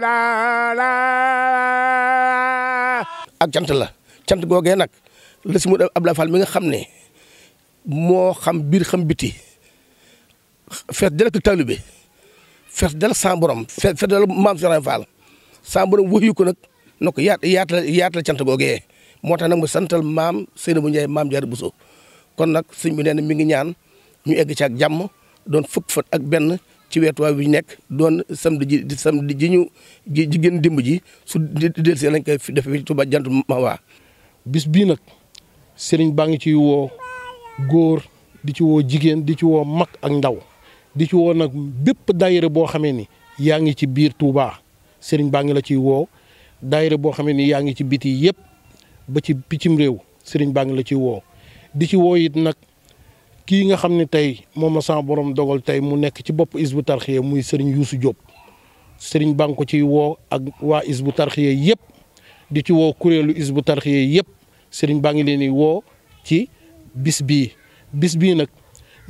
ak cant la cant googee nag la si mu Abdoulaye Fall mi nga xam ne moo xam biir xam biti fees dal ak taalibe fees dal sa borom fees dal maam si Fall sa borom wuyu ko nag na ko yaat yaatal yaatal cant googee moo tax nag mu santal maam Seynabou Ndiaye maam Diarra Bousso kon nag sëñ bi nee na mi ngi ñaan ñu egg ci ak jàmm doon fukk fan ak benn ci wetuwaay bi nekk doon samedi ji di samedi ji ñu ji dimb ji su dellusee lañ koy def fi Touba jant Mawa. bis bii nag sëriñ baa ngi ci woo góor di ci woo jigéen di ci woo mag ak ndaw di ci woo nag bépp daayira boo xamee ni yaa ngi ci biir Touba sëriñ baa ngi la ciy woo daayira boo xamee ni yaa ngi ci biti yëpp ba ci piccim réew sëriñ baa ngi la ciy woo di ci woo nag. kii nga xam ne tey moom la sama borom dogal tey mu nekk ci bopp Hizbut Tarqiyyah muy Serigne Youssou Diop Serigne baa ngi ko ci woo ak waa Hizbut Tarqiyyah yëpp di ci woo kuréelu Hizbut Tarqiyyah yëpp Serigne baa ngi leen di woo ci bis bii bis bii nag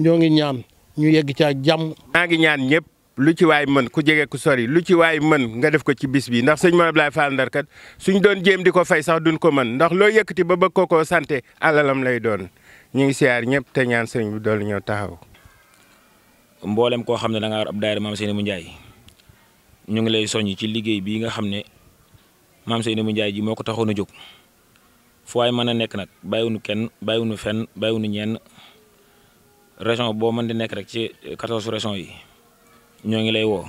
ñoo ngi ñaan ñu yegg caa jàmm. maa ngi ñaan ñëpp lu ci waay mën ku jege ku sori lu ci waay mën nga def ko ci bis bi ndax sëñ Mame Abdoulaye Fall suñ doon jéem di ko fay sax duñ ko mën ndax loo yëkkati ba bëgg ko koo sante lay doon. ñu ngi siyaar ñëpp te ñaan sëriñ bi doolu ñoo taxaw. mboolem koo xam ne danga ngaa war ab daayira maam Seynabou Ndiaye ñu ngi lay soññ ci liggéey bii nga xam ne maam mu Ndiaye ji moo ko taxoon a jóg fu waay mën a nekk nag bàyyiwuñu kenn bàyyiwuñu fenn bàyyiwuñu ñenn région boo mën di nekk rek ci quatorze régions yi ñoo ngi lay woo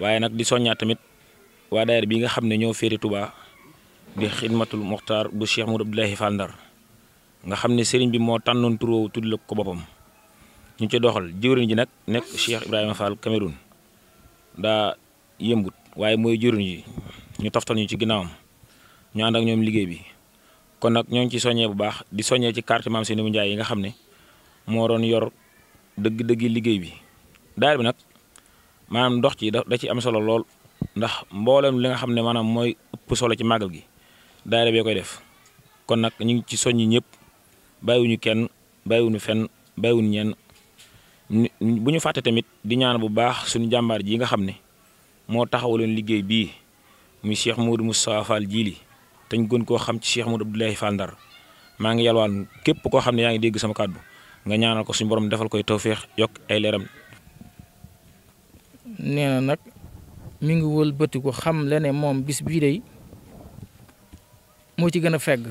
waaye nag di soññaat tamit waa daayira bi nga xam ne ñoo féete tubaa di xidmatul Mokhtar bu Cheikh Moudou Abdoulaye Fall Ndar nga xam ne sëriñ bi moo tànnoon tur woowu tudd la ko boppam ñu ci doxal jëwriñ ji nag nekk Cheikh Ibrahima Fall Cameroun daa yëmbut waaye mooy jëwriñ yi ñu toftal ñu ci ginnaawam ñu ànd ak ñoom liggéey bi kon nag ñoo ngi ci soññee bu baax di soññee ci carte Maam mu Ndiaye yi nga xam ne moo doon yor dëgg-dëgg liggéey bi daayira bi nag maanaam ndox ci da ci am solo lool ndax mboolem li nga xam ne maanaam mooy ëpp solo ci màggal gi daayira bee koy def kon nag ñu ngi ci soññi ñëpp. bàyyiwuñu kenn bàyyiwuñu fenn bàyyiwuñu ñenn bu ñu fàtte tamit di ñaan bu baax suñu jàmbaar ji nga xam ne moo taxawaloon liggéey bii muy Cheikh Modou mu Fall Djili te ñu gën koo xam ci Cheikh Modou Abdoulaye Fall Ndar maa ngi yalwaan képp koo xam ne yaa ngi dégg sama kàddu nga ñaanal ko suñu borom defal koy tawféex yokk ay leeram. nee na nag mu ngi wëlbati ko xam la moom bis bii day moo ci gën a fegg.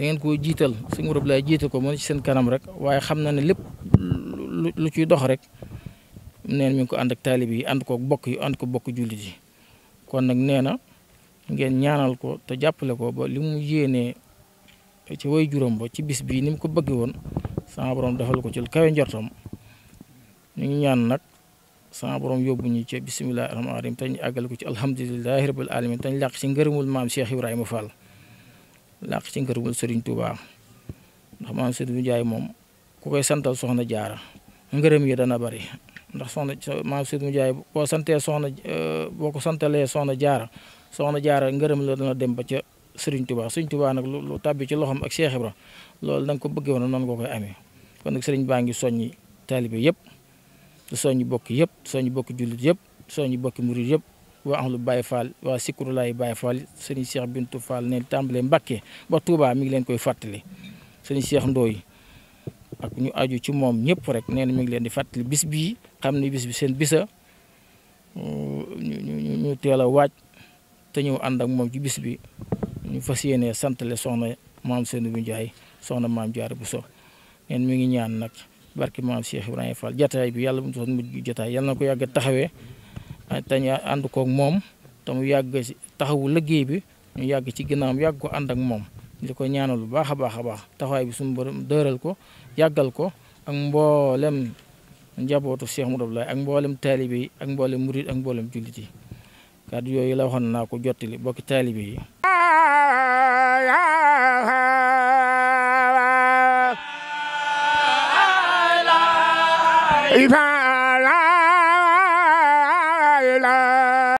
dangeen ko koo jiital sëñ Mourou Abdoulaye jiite ko mën ci seen kanam rek waaye xam na ne lépp lu ciy dox rek neen mi ko ànd ak taalib yi ànd ko bokk yi ànd ko bokk jullit yi kon nag nee na ngeen ñaanal ko te jàppale ko ba li mu yéenee ci way juróom ba ci bis bii ni mu ko bëgg woon sama borom defal ko ci lu kawe njortam ñu ngi ñaan nag sama borom yóbbu ñu ci bisimilah rahmaani rahim àggal ko ci alhamdulilahi rabil alamin te ñu làq ci ngërëmul maam Cheikh Ibrahima Fall làq ci ngërëmul Serigne Touba ndax maam Serigne Ndiaye moom ku koy santal soxna jaara ngërëm yi dana bari ndax soxna maam Serigne Ndiaye boo santee soxna euh, boo ko santalee soxna jaara soxna jaara ngërëm la dana dem ba ca Serigne Touba Serigne Touba nag lool tàbbi ci loxoom ak Cheikh Ibra loolu da ko bëggee woon noonu ko koy amee kon nag Serigne baa ngi soññi taalibe yëpp soññi bokk yëpp soññi bokk jullit yëpp soññi bokki murid yëpp. waa ahlu Baye Fall waa Sikurulaay Baye Fall sëriñ Cheikh Bintou Fall ne tàmbalee Mbacke ba Touba mi ngi leen koy fàttali sëriñ Cheikh ndooy ak ñu aju ci moom ñëpp rek nee na mi ngi leen di fàttali bis bii xam ne bi seen bisa ñu teel a waaj te ñëw ànd ak moom ci bis bi ñu fas yéenee santale soxna maam Seynabou Ndiaye soxna maam bu so neen mu ngi ñaan nag barki maam Cheikh Ibrahima Fall jataay bi yàlla bu mu toog mujj jataay yàlla na ko yàgg taxawee. te ñu ànd koog moom te yàgg si taxawu liggéey bi ñu yàgg ci ginnaawam yàgg ko ànd ak moom di ko ñaanal bu baax a baax a baax taxawaay bi suñu borom dëral ko yàggal ko ak mboolem njabootu mu Modou Abdoulaye ak mboolem taalibe yi ak mboolem murid ak mboolem jullit yi kàddu yooyu la waxoon naa ko jottali bokki taalibe yi.